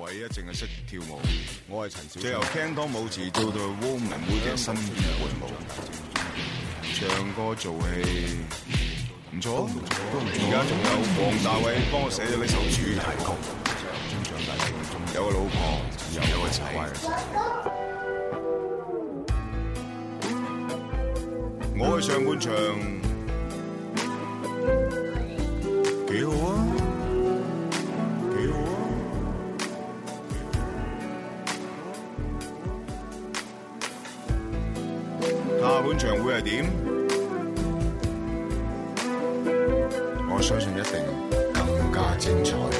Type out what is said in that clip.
唯一淨係識跳舞，我係陳小春。由 Can Do 舞池做到 Woman 嘅者新粵舞，唱歌做戲唔錯。而家仲有王大偉幫我寫咗呢首主題曲，有個老婆，有個仔。我係上半場，幾好啊。下半場會係點？ 我相信一定更加精彩。